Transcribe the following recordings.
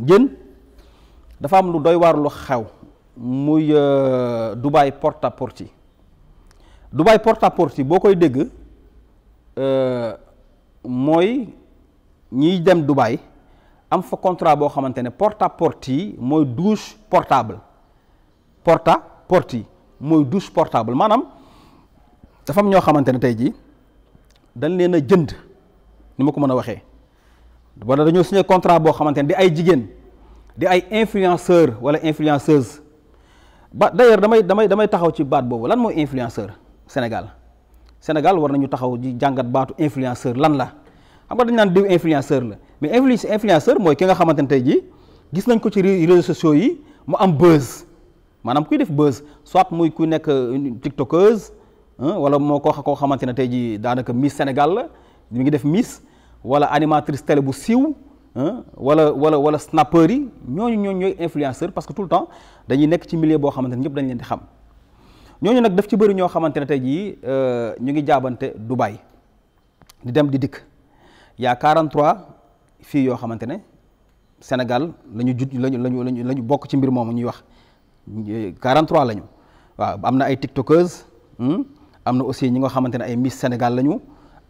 jën dafa am lu doy waar lu xew muy euh, Dubaï porte à porte yi Dubaï porte à porte yi boo koy dégg euh, mooy ñiy dem Dubaï am fa contrat boo xamante ne porte à mooy douche portable porta porti mooy douche portable maanaam dafa am ñoo xamante ne tey jii dañ leen a jënd ni ma ko mën a waxee wala dañoo signé contrat boo xamante ne di ay jigéen di ay influenceur wala influenceuse ba d'ailleurs damay damay damay taxaw ci baat boobu lan mooy influenceur Sénégal Sénégal war nañu taxaw di jàngat baatu influenceur lan la xam nga dañ naan diw influenceur la mais influ influenceur mooy ki nga xamante ne tey jii gis nañ ko ci réseaux sociaux yi mu am buzz maanaam kuy def buzz soit muy ku nekk tiktokeuse wala moo ko koo xamante ne tey jii daanaka Miss Sénégal la ngi def Miss. wala animatrice télé bu siiw wala wala wala snappeurs yi ñooñu ñooñu ñooy influenceur parce que tout le temps dañuy nekk ci milieu boo xamante ne ñëpp dañ leen di xam ñooñu nag daf ci bëri ñoo xamante ne tey jii euh, ñu ngi jaabante Dubaï di dem di dikk y'a 43 fii yoo xamante ne Sénégal la ñu jut lañu lañu la ñu bokk ci mbir moomu ñuy wax 43 lañu waaw am na ay tiktokeuses hmm, am na aussi ñi nga xamante ne ay Miss Sénégal lañu.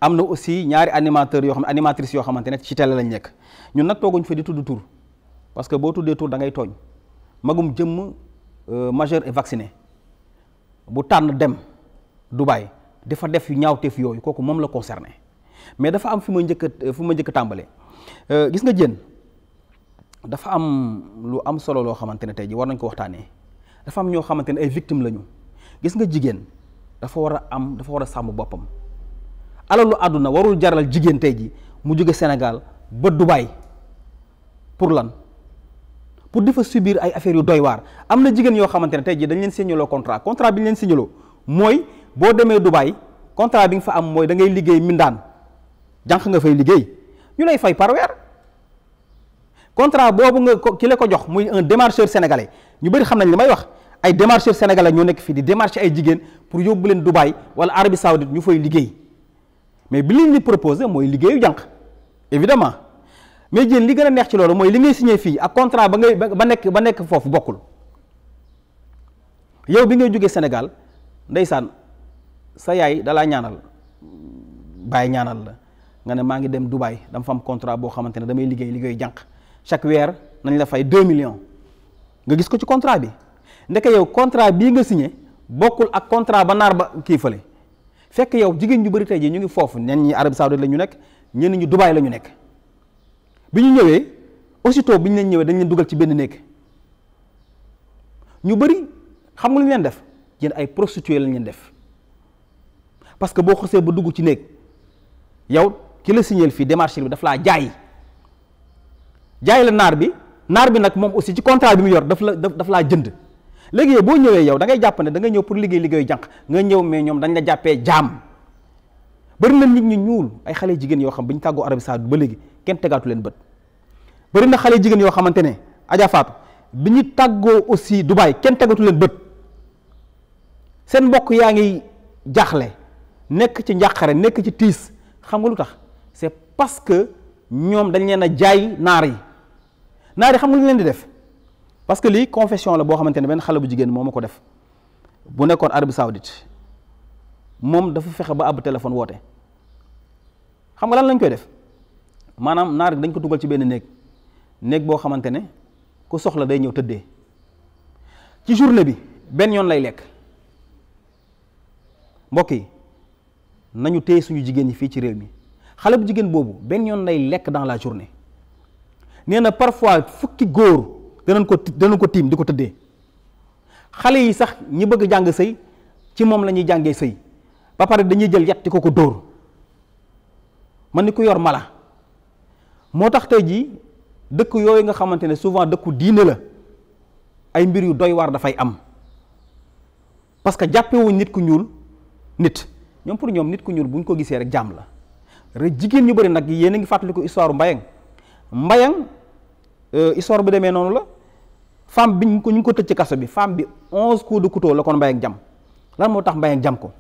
am na aussi ñaari animateur yoo xam ne animatrice yoo xamante ne ci télé lañu nekk ñun nag tooguñ fa di tudd tur parce que boo tuddee tur da ngay tooñ magum jëmm euh, majeur et vacciné bu tànn dem Dubaï dafa def ñaaw ñaawteef yooyu kooku moom la concerné mais dafa am fi ma njëkk fi ma njëkk tàmbale euh, gis nga jën dafa am lu am solo loo xamante ne tey ji war nañ ko waxtaanee dafa am ñoo xamante ne ay victime lañu gis nga jigéen dafa war a am dafa war a sàmm boppam alalu àdduna warul jaral jigéen tey ji mu jóge Sénégal ba Dubaï pour lan pour di fa subir ay affaires yu doy waar am na jigéen yoo xamante ne tey ji dañ leen signaloo contrat contrat bi ñu leen signaloo mooy boo demee Dubaï contrat bi nga fa am mooy da ngay liggéey mindaan jànq nga fay liggéey ñu lay fay par weer contrat boobu nga ko ko jox muy un démarcheur ñu bëri xam nañ li may wax ay démarcheurs sénégalais ñoo nekk fii di démarcher ay jigéen pour yóbbu leen Dubaï wala Arabie Saoudite ñu fay liggéey mais bi liñ li proposé mooy liggéeyu jànq évidemment mais jéen li gën a neex ci loolu mooy li ngay signé fii ak contrat ba ngay ba nekk ba nekk foofu bokkul yow bi ngay jógee Sénégal ndeysaan sa yaay dalaa ñaanal bàyyi ñaanal la nga ne maa ngi dem Dubaï dama fa am contrat boo xamante ne damay liggéey liggéeyu jànq chaque weer nañ la fay 2 millions nga gis ko ci contrat bi ndeke yow contrat bii nga signé bokkul ak contrat ba naar ba kii fële fekk yow jigéen ñu bari tey ji ñu ngi foofu ñenn ñi Arabie Saoudite la ñu nekk ñenn ñi Dubaï la ñu nekk bi ñu ñëwee aussitôt bi ñu leen ñëwee dañ leen dugal ci benn néeg ñu bëri xam nga lu ñu leen def yéen ay prostituées lañ leen def parce que boo xasee ba dugg ci néeg yow ki la signal fii démarche bi daf laa jaay jaay la naar bi naar bi nag moom aussi ci contrat bi mu yor daf la daf laa jënd. léegi yow boo ñëwee yow da ngay jàpp ne da ñëw pour liggéey liggéey jànq nga ñëw mais ñoom dañ la jàppee jaam bëri na nit ñu ñuul ay xale jigéen yoo xam bi ñu tàggoo Arabie Saoudite ba léegi kenn tegaatu bët bëri na xale jigéen yoo xamante ne Adja bi ñu tàggoo aussi Dubaï kenn tegaatu leen bët seen mbokk yaa ngi jaaxle nekk ci njàqare nekk ci tiis xam nga lu tax c'est parce que ñoom dañ leen a jaay naar yi naar yi xam nga lu leen di def parce que lii confession la boo xamante ne benn xale bu jigéen moo ma ko def bu nekkoon Arabie Saoudite moom dafa fexe ba àbb téléphone woote xam nga lan lañ koy def maanaam naar dañ ko dugal ci benn néeg néeg boo xamante ne ku soxla day ñëw tëddee ci journée bi benn yoon lay lekk mbokk yi nañu téye suñu jigéen ñi fii ci réew mi xale bu jigéen boobu benn yoon lay lekk dans la journée nee na parfois fukki góor. danañ ko danañ ko tiim di ko tëddee xale yi sax ñi bëgg jàng sëy ci moom la ñuy jàngee sëy ba pare dañuy jël yat ko ko dóor man ni ku yor mala moo tax tey jii dëkk yooyu nga xamante ne souvent dëkku diine la ay mbir yu doy waar dafay am parce que jàppewuñ nit ku ñuul nit ñoom pour ñoom nit ku ñuul buñ ko gisee rek jaam la jigéen ñu bari nag yéen a ngi fàttaliku histoire mbayang mbayang euh, histoire bi demee noonu la femme bi ñu ko ñu ko tëj ci kaso bi femme bi onze coups de couteau la ko Mbaye ak jam lan moo tax mbay ak jam ko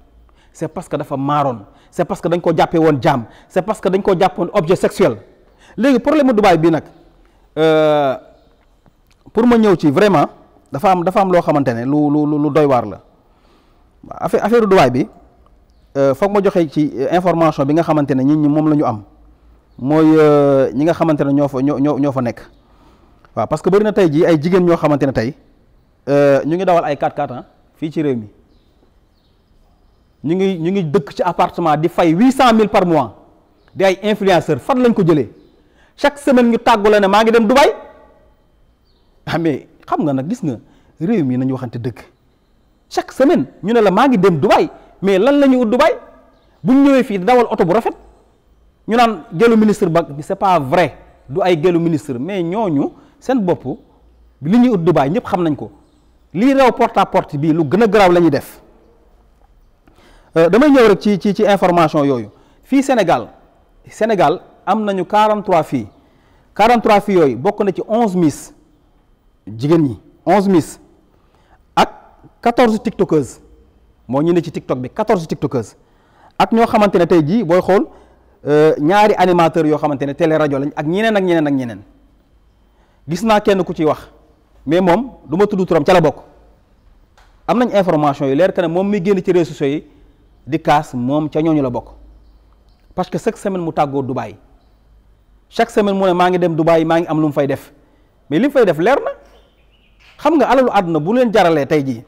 c' est parce que dafa maaroon c' est parce que dañ ko jàppee woon jaam c' parce que dañ ko jàppoon objet sexuel léegi problème mu Dubaay bii nag euh, pour ma ñëw ci vraiment dafa am dafa am loo xamante ne lu lu lu doy waar la affaire affaire Dubaay bi euh, foog ma joxe ci euh, information bi nga xamante ne nit ñi moom la ñu am mooy ñi nga xamante ne ñoo fa ñoo ñoo fa nekk. waaw parce que bëri tey jii ay jigéen ñoo xamante ne tey euh, ñu ngi dawal ay 4x4 fii ci réew mi ñu ngi ñu ngi dëkk ci appartement di fay cent mille par mois di ay influenceur fan lañ ko jëlee chaque semaine ñu tàggu ne maa ngi dem Dubai ah mais xam nga nag gis nga réew mi nañu waxante dëgg chaque semaine ñu ne la maa ngi dem Dubai mais lan la ñu ut Dubai bu ñëwee fii dawal oto bu rafet ñu naan gelu ministre ba c'est pas vrai du ay gelu ministre mais ñooñu. seen bopp li ñuy ut Dubaay ñëpp xam nañ ko lii rew porta à porte bii lu gën a garaaw la ñuy def euh, damay ñëw rek ci ci ci information yooyu fii Sénégal Sénégal am nañu 43 filles 43 filles yooyu bokk na ci 11 miss jigéen ñi 11 miss ak 14 tiktokeuses moo ñu ne ci tiktok bi 14 tiktokeuses ak ñoo xamante ne tey jii booy xool euh, ñaari animateur yoo xamante ne télé rajo lañ ak ñeneen ak ñeneen ak ñeneen. gis naa kenn ku ciy wax mais moom du ma tudd turam ca la bokk am nañ information yi leer que ne moom mi génn ci réseaux yi di kaas moom ca ñooñu la bokk parce que chaque semaine mu tàggoo Dubaï chaque semaine mu ne maa ngi dem Dubaï maa ngi am lu mu fay def mais li mu fay def leer na xam nga alalu àdduna bu leen jaralee tey jii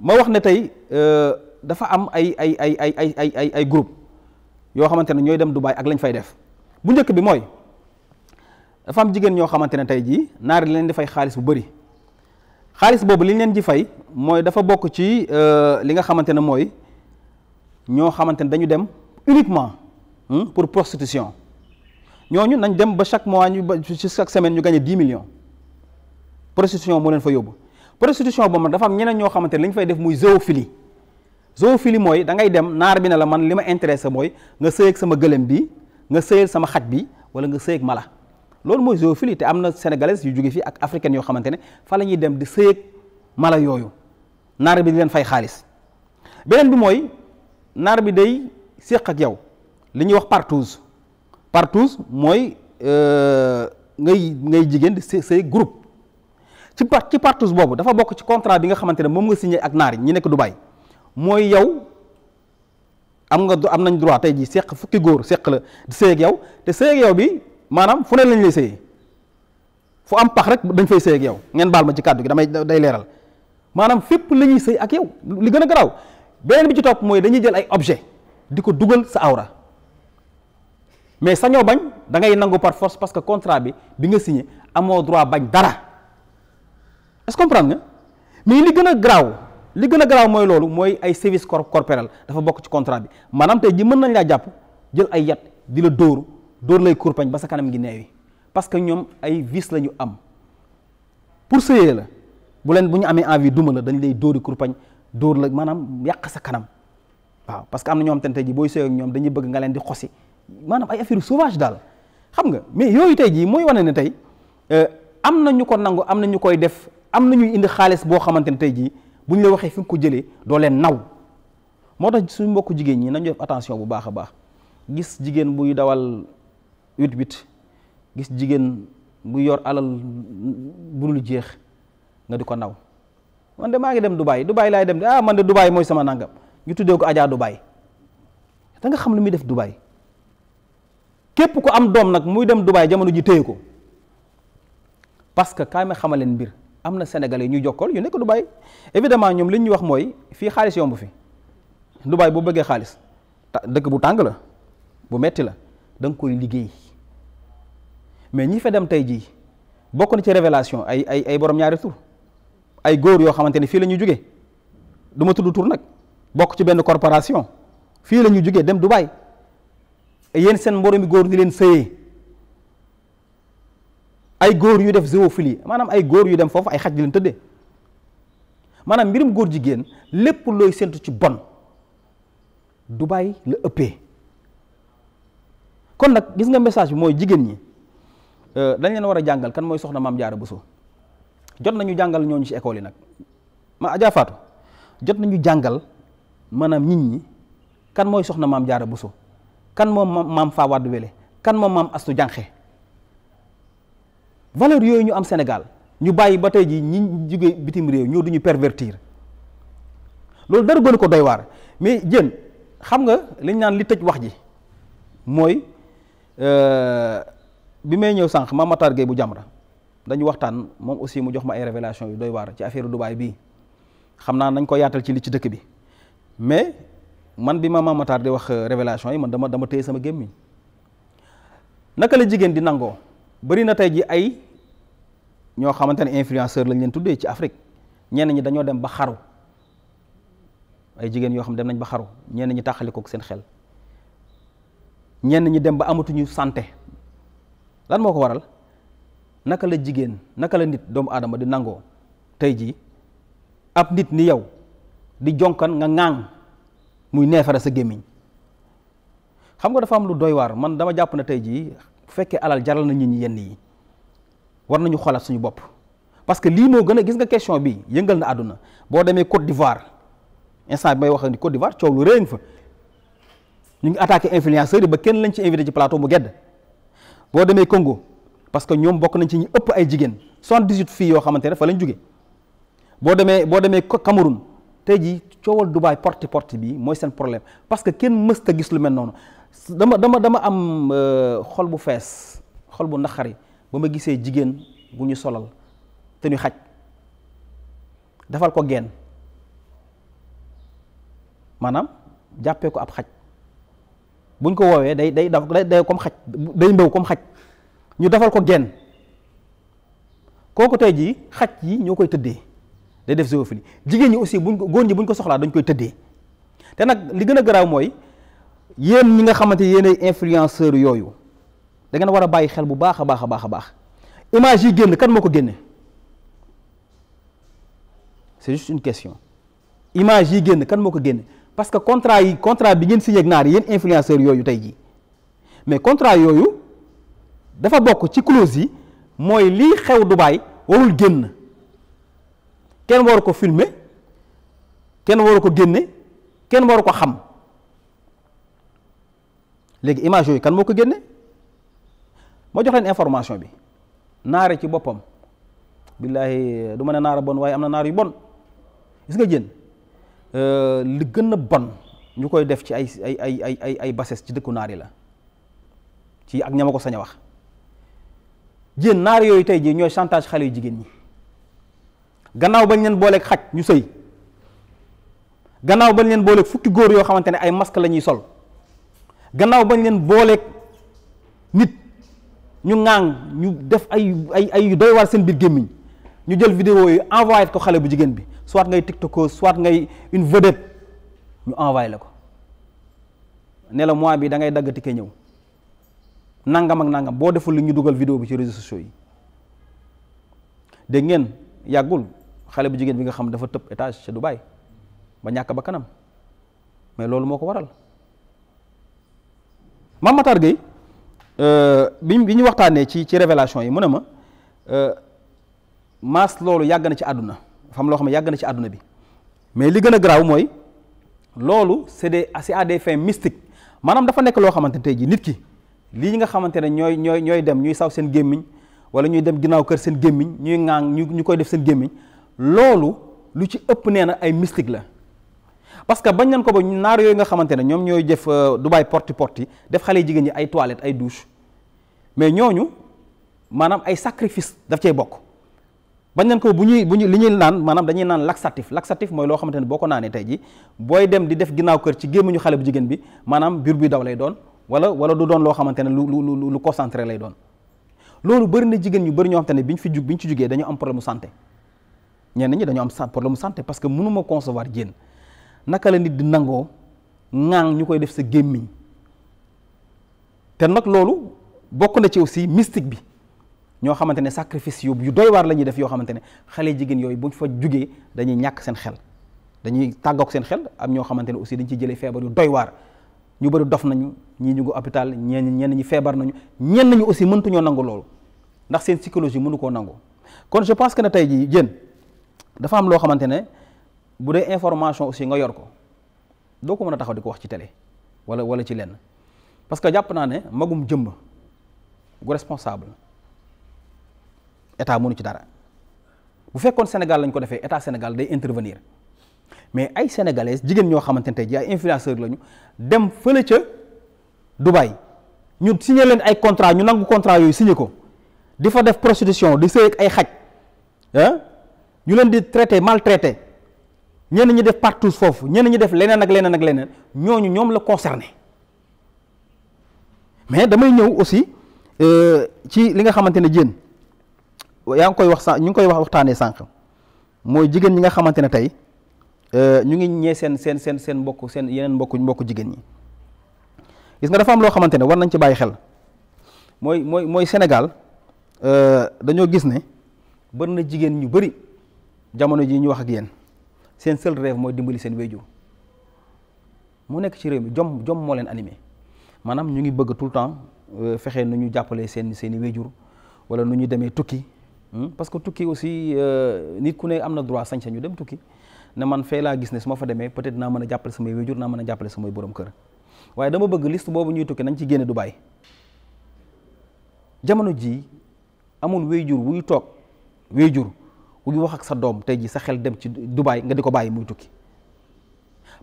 ma wax ne tey euh, dafa am ay ay ay ay ay ay ay groupe yoo xamante ne ñooy dem Dubaï ak lañ fay def bu njëkk bi mooy. dafa am jigéen ñoo xamante ne tey jii naar leen di fay xaalis bu bëri xaalis boobu li ñu ji di fay mooy dafa bokk ci euh, li nga xamante ne mooy ñoo xamante ne dañu dem uniquement hmm, pour ñoo ñu nañ dem ba chaque mois ñu ba chaque semaine ñu gagné dix million prostitution moo leen fa yóbbu prostitution boobu nag dafa am ñeneen ñoo xamante ne li ñu fay def muy zoophilie zoophilie mooy da ngay dem naar bi ne la man li ma intéressé mooy nga sëyeeg sama gëlëm bi nga sëyal sama xaj bi wala nga sëyeeg mala. loolu mooy zoophilie te am na sénégalaises yu jóge fii ak africaines yoo xamante ne fa la ñuy dem di sëyeeg mala yooyu naar bi di fay xaalis beneen bi mooy naar bi day séq ak yow li ñuy wax partouze partouze mooy euh, ngay ngay jigéen di sëy groupe ci par ci partouze boobu dafa bokk ci contrat bi nga xamante ne moom nga signé ak naar yi ñu nekk du Dubaï mooy yow am nga am nañ droit tey ji seq fukki góor seq la di yow te sëy yow bi maanaam fu ne lañ lay sëyee fu am pax rek dañ fay sëy ak yow ngeen baal ma ci kàddu gi damay day leeral maanaam fépp la ñuy sëy ak yow li gën a garaaw beneen bi ci topp mooy dañuy jël ay objet di ko dugal sa awra mais sañoo bañ da ngay nangu par force parce que contrat bi bi nga signé amoo droit bañ dara est-ce nga mais li gën a garaaw li gën a garaaw mooy loolu mooy ay service corporel dafa bokk ci contrat bi maanaam tey ji mën nañ laa jàpp jël ay yat di la dóoru dóor lay kurpañ ba sa kanam gi neewi parce que ñoom ay vices la ñu am pour sëyee la bu leen bu ñu amee envie duma la dañu lay dóori kurpañ dóor la maanaam yàq sa kanam waaw parce que am na ñoom tey jii booy sëy ñoom dañuy bëgg nga leen di xosi maanaam ay affaire sauvage daal xam nga mais yooyu tey jii mooy wane ne tey euh, am na ñu ko nangu am na ñu koy def am na ñuy indi xaalis boo xamante ne tey jii bu la waxee fi nga ko jëlee doo leen naw moo tax suñu mbokku jigéen ñi nañu def attention bu baax a baax gis jigéen buy dawal huit huit gis jigéen bu yor alal bu dul jeex nga di ko naw man de maa ngi dem Dubai Dubai laay dem de ah man de Dubai mooy sama nangam ñu tuddee ko ajaa Dubai da xam lu muy def Dubai képp ku am doom nag muy dem Dubai jamono ji téye ko parce que kaay xam xamal leen mbir am na Sénégalais ñuy jokkool yu nekk Dubai évidemment ñoom li ñuy wax mooy fii xaalis yomb fi Dubai boo bëggee xaalis dëkk bu tàng la bu metti la da koy liggéey. mais ñi fa dem tey jii bokk na ci révélation ay ay ay borom ñaari tur ay góor yoo xamante ne fii lañuy jóge jugee du ma tudd tur nag bokk ci benn corporation fii la ñu jugee dem Dubaï yéen seen mboroomi góor ni leen sëyee ay góor yu def zoophilie maanaam ay góor yu dem foofu ay xaj di leen tëddee maanaam mbirum góor jigéen lépp looy séntu ci bon Dubaï la ëppee kon nag gis nga message bi mooy jigéen ñi. Euh, dañ leen war a jàngal kan mooy soxna maam jaara Bousso jot nañu jàngal ñooñu ci école yi nag ma Adja Fatou jot nañu jàngal maanaam nit ñi kan mooy soxna maam jaara Bousso kan moom maam Faa Wade Wele kan moom maam Astu Jànxe valeur yooyu ñu am senegal ñu bàyyi ba tey ji ñi jóge bitim réew ñoo duñu pervertir loolu dara gën ko doy waar mais jën xam nga liñ naan li tëj wax ji mooy euh, bi may ñëw sànq ma Matar Gueye bu Jamra dañu waxtaan moom aussi mu jox ma ay révélation yu doy waar ci affaire Dubaay bii xam naa nañ ko yaatal ci li ci dëkk bi mais man bi ma Mame Matar di wax euh, révélation yi man dama dama téye sama gémmiñ naka la jigéen di nangoo bari na tey ji ay ñoo xamante ne influenceur lañ leen tuddee ci Afrique ñenn ñi dañoo dem ba xaru ay jigéen yoo xam dem nañ ba xaru ñenn ñi tàqali kook seen xel ñenn ñi dem ba amatuñu santé lan moo ko waral naka la jigéen naka la nit doomu aadama di nangoo tey jii ab nit ni yow di jonkan nga ŋaaŋ muy neefare sa gémmiñ xam nga dafa am lu doy waar man dama jàpp na tey jii bu fekkee alal jaral na nit ñi yenn yi war nañu xoolaat suñu bopp parce que lii moo gën a gis nga question bi yëngal na àdduna boo demee Côte d'Ivoire instant bi may wax ni Côte d'Ivoire coow lu rëy fa ñu ngi attaqué influenceurs yi ba kenn lañ ci invité ci plateau mu gedd boo demee Congo parce que ñoom bokk nañ ci ñi ëpp ay jigéen soixante-dix-huit filles yoo xamante ne fa lañ jóge boo demee boo demee ko Cameroun tey jii coowal Dubaay porte porte bii mooy seen problème parce que kenn mës ta gis lu mel noonu dama dama dama am euh, xol bu fees xol bu naqari ba ma gisee jigéen bu ñu solal te ñu xaj defal ko genn maanaam jàppee ko ab xaj buñ ko woowee day day daf day comme xaj day mbaw comme xaj ñu defal ko genn kooku tey jii xaj yi ñoo koy tëddee day def zoophilie jigéen ñi aussi buñ ko góor ñi buñ ko soxlaa dañ koy tëddee te nag li gën a garaaw mooy yéen ñi nga xamante yéen ay influenceurs yooyu da ngeen war a bàyyi xel bu baax a baax a baax a baax image yi génn kan moo ko génne c'est juste une question image yi génn kan moo ko génne parce que contrat yi contrat bi ngeen si ak naar yéen influenceurs yooyu tey jii mais contrat yooyu dafa bokk ci clause yi mooy lii xew Dubaï warul génn kenn waru ko filmer kenn waru ko génne kenn waru ko xam léegi image yooyu kan moo ko génne moo jox leen information bi naare ci boppam billaahi du ma ne naara bon waaye am na naar yu bon gis nga jën Euh, li gën a bon ñu koy def ci ay ay ay ay ay ay bassesse ci dëkku naari la ci ak ñama ko sañ a wax jéen naar yooyu tey jii ñooy chantage xale yu jigéen ñi gannaaw bañ leen booleeg xaj ñu sëy gannaaw bañ leen booleeg fukki góor yoo xamante ne ay masque la ñuy sol gannaaw bañ leen booleek nit ñu ŋaang ñu def ay ay ay doy waar seen biir gémmiñ ñu jël vidéo yi envoyé ko xale bu jigéen bi soit ngay tiktokos soit ngay une vedette ñu envoyé la ko ne la mois bi da ngay dagg ticket ñëw nangam ak nangam boo deful li ñu dugal video bi ci réseaux sociaux yi dégg ngeen yàggul xale bu jigéen bi nga xam dafa tëb étage ca Dubaï ba ñàkk ba kanam mais loolu moo ko waral Mame Matar Gueye euh, bi bi ñu waxtaanee ci ci révélation yi mu ne ma euh, maas loolu yàgg na ci àdduna fam loo xam ne yàgg na ci àdduna bi mais li gën a garaaw mooy loolu c'est des c'est à des fins mystiques maanaam dafa nekk loo xamante tey ji nit ki lii ñi nga xamante ne ñooy ñooy ñooy dem ñuy saw seen gémmiñ wala ñuy dem ginnaaw kër seen gémmiñ ñuy ŋaang ñu ñu koy def seen gémmiñ loolu lu ci ëpp nee na ay mystique la parce que bañ nañ ko ba naar yooyu nga xamante ne ñoom ñooy jëf euh, Dubaay porte porte def xale jigéen ñi ay toilettes ay douche mais ñooñu maanaam ay sacrifice daf cay bokk bañ nañ ko bu ñuy bu ñu li ñuy naan maanaam dañuy naan laxatif laxatif mooy loo xamante ne boo ko naanee tey ji booy dem di def ginnaaw kër ci gémmiñu xale bu jigéen bi maanaam biir buy daw lay doon wala wala du doon loo xamante ne lu lu lu concentré lay doon loolu bëri na jigéen ñu bari ñoo xamante ne ñu fi jug biñ ci jugee dañu am problème mu santé ñenn ñi dañu am problème mu santé parce que mënu ma concevoir jéen naka la nit di nangoo ŋaang ñu koy def sa gémmiñ te nag loolu bokk na ci aussi mystique bi ñoo xamante ne sacrifice yu yu doy waar la ñuy def yoo xamante ne xale jigéen yooyu buñ fa jugee dañuy ñàkk seen xel dañuy tàggook seen xel ak ñoo xamante ne aussi dañ ci jëlee feebar yu doy waar ñu bëri dof nañu ñii ñu ngi hôpital ñeen ñenn ñi feebar nañu ñenn ñi aussi mëntuñoo nangu loolu ndax seen psychologie mënu koo nangu kon je pense que ne tey jii jën dafa am loo xamante ne bu dee information aussi nga yor ko doo ko mën a taxaw di ko wax ci télé wala wala ci lenn parce que jàpp naa ne magum jëmm gu responsable état mënu ci dara bu fekkoon Sénégal lañ ko defee état Sénégal day intervenir mais ay sénégalaises jigéen ñoo xamante ne tey jii ay influenceurs lañu dem fële ca Dubaï ñu signé leen ay contrat ñu nangu contrat yooyu signé ko di fa def prostitution di sëy ay xaj ah ñu leen di traité maltraité ñenn ñi def partout foofu ñenn ñi def leneen ak leneen ak leneen ñooñu ñoom la concerné mais damay ñëw aussi euh, ci li nga xamante ne jéen yaa ngi koy wax sànq ñu ngi koy wax waxtaanee sànq mooy jigéen ñi nga xamante ne tey euh, ñu ngi ñee seen seen seen seen mbokk seen yeneen mbokku mbokku jigéen ñi gis nga dafa loo xamante ne war nañ ci bàyyi xel mooy mooy mooy Sénégal euh, dañoo gis ne bari na jigéen ñu bari jamono ji ñu wax ak yéen seen seul rêve mooy dimbali seen waajur mu nekk ci réew mi jom jom moo leen animé maanaam ñu ngi bëgg tout le temps euh, fexe nu ñu jàppale seen seen i waajur wala nu ñu demee tukki. Hmm? parce que tukki aussi euh, nit ku ne am na droit sañ sañu dem tukki ne man fee laa gis ne su ma fa demee peut-être naa mën a jàppale samay wéjur naa mën a jàppale samay borom kër waaye dama bëgg liste boobu ñuy tukki nañ ci génne Dubaï jamono jii amul wéjur wuy toog wéjur wuy wax ak sa doom tey ji sa xel dem ci Dubaï nga di ko bàyyi muy tukki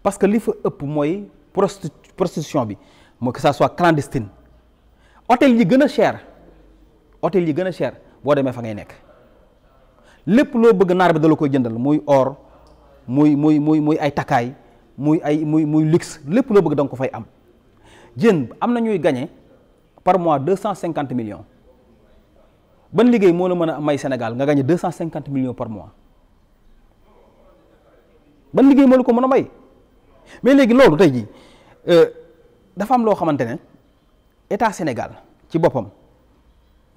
parce que li fa ëpp mooy prosti prostitution bi mooy que ça soit clandestine hôtel yi gën a cher hôtel yi gën a cher. boo demee fa ngay nekk lépp loo bëgg naar bi da la koy jëndal muy or muy muy muy muy ay takkaay muy ay muy muy luxe lépp loo bëgg da ko fay am jën am na ñuy gañe par mois deux cent cinquante million ban liggéey moo la mën a may Sénégal nga gagné deux cent cinquante millions par mois ban liggéey moo la ko mën a may mais léegi loolu tey jii euh, dafa am loo xamante ne état Sénégal ci boppam.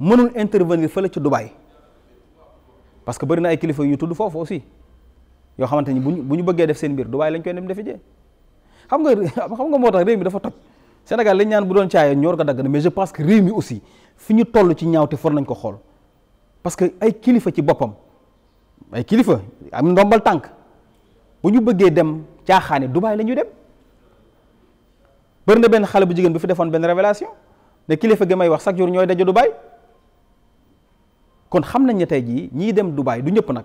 mënul intervenir la ci Dubaï parce que bari na ay kilifa yu ñu tudd foofu aussi yoo xamante ni bu ñu bu ñu bëggee def seen mbir Dubaï lañ koy dem defe jee xam nga xam nga moo tax réew mi dafa toj Sénégal lañ ñaan bu doon caayoo ñor ko dagg na mais je pense que réew mi aussi fi ñu toll ci ñaaw te for nañ ko xool parce que ay kilifa ci boppam ay kilifa am ndombal tànk bu ñu bëggee dem caaxaane dubaay la ñuy dem bëri na benn xale bu jigéen bi fi defoon benn révélation ne kilifa gi wax chaque jour ñooy daje Dubaï. kon xam nañ ne tey jii ñii dem Dubaay du ñëpp nag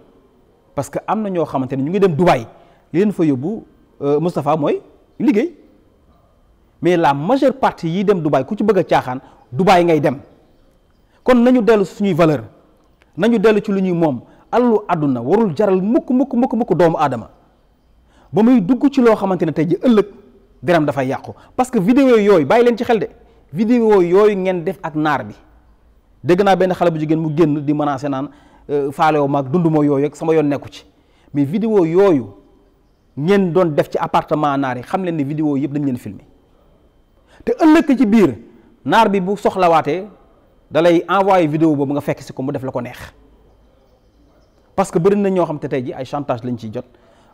parce que am na ñoo xamante ne ñu ngi dem Dubaay li leen fa yóbbu euh, Moustapha mooy liggéey mais la majeure partie yiy dem Dubaay ku ci bëgg a caaxaan Dubaay ngay dem kon nañu dellu suñuy valeur nañu dellu ci lu ñuy moom alalu àdduna warul jaral mukk mukk mukk mukk doomu aadama ba muy dugg ci loo xamante ne tey ji ëllëg deram dafay yàqu parce que vidéo yooyu bàyyi leen ci xel de vidéo yooyu ngeen def ak naar bi dégg naa benn xale bu jigéen mu génn di menacé naan euh, faalewo mag dund ma yooyu ak sama yoon nekku ci mais vidéo yooyu ngeen doon def ci appartement naar yi xam leen ni vidéo yëpp dañ leen filmé te ëllëg ci biir naar bi bu soxlawaatee da lay envoyé video boobu nga fekk si ko mu def la ko neex parce que bëri na ñoo xam te tey ji ay chantage lañ ciy jot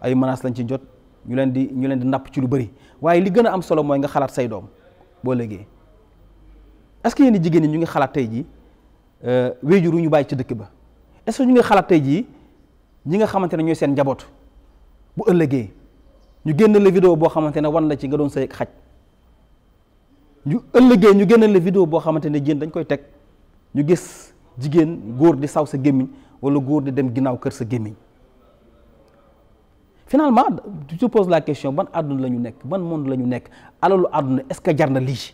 ay menaces lañ ci jot ñu leen di ñu leen di napp ci lu bëri waaye li gën a am solo mooy nga xalaat say doom boo léegi est-ce que jigéen ñi ñu ngi xalaat tey ji Euh, wéyjur yu ñu bàyyi ca dëkk ba est-ce ñu ngi xalaat tey jii ñi nga xamante ne ñooy seen njaboot bu ëllëgee ñu génn la vidéo boo xamante ne war na ci nga doon sëy ak xaj ñu ëllëgee ñu génn la video boo xamante ne jigéen dañ koy teg ñu gis jigéen góor di saw sa gémmiñ wala góor di dem ginnaaw kër sa gémmiñ finalement je pose la question ban àdduna la ñu nekk ban monde la ñu nekk alalu àdduna est-ce que jar na lii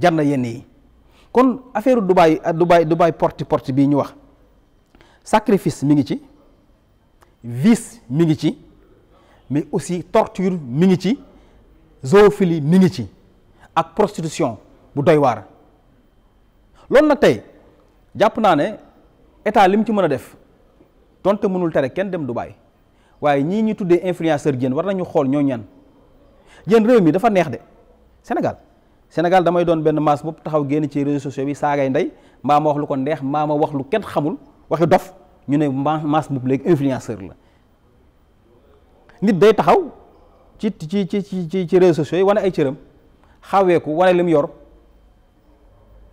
jar na yenn yi kon affaire Dubaay Dubaay euh, Dubaay porti porti bii ñu wax sacrifice mi ngi ci vice mi ngi ci mais aussi torture mi ngi ci zoophilie mi ngi ci ak prostitution bu doy waar loolu nag tey jàpp naa ne état li mu ci mën a def donte mënul tere kenn dem Dubaay waaye ñii ñu tuddee influenceur Diène war nañu xool ñoo ñan Diène réew mi dafa neex de Sénégal Sénégal damay doon benn masse bopp taxaw génn ci réseaux sociaux bi saagay ndey mbaa ma wax lu ko neex mbaa ma wax lu kenn xamul waxi dof ñu ne masse bopp léegi influenceur la nit day taxaw ci ci ci ci ci réseaux sociaux ay cëram xaweeku wane li mu yor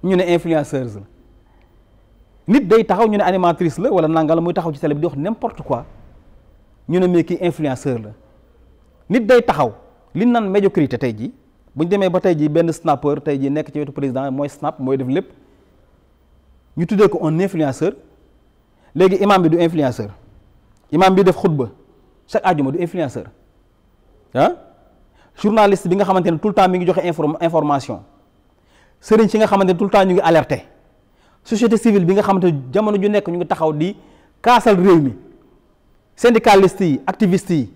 ñu ne influenceuse la nit day taxaw ñu ne animatrice la wala nanga la muy taxaw ci télé bi di wax n'importe quoi ñu ne mais kii influenceur la nit day taxaw li nan médiocrité tey jii bu ñu demee ba tey jii benn snapper tey jii nekk ci wetu président mooy snap mooy def lépp ñu tuddee ko un influenceur léegi imam bi du influenceur imam bi def xutba chaque àjjuma du influenceur ah journaliste bi nga xamante ne tout le temps mi ngi joxe information sëriñ si nga xamante ne tout le temps ñu ngi alerté société civile bi nga xamante ne jamono ju nekk ñu ngi taxaw di kaasal réew mi syndicaliste yi activiste yi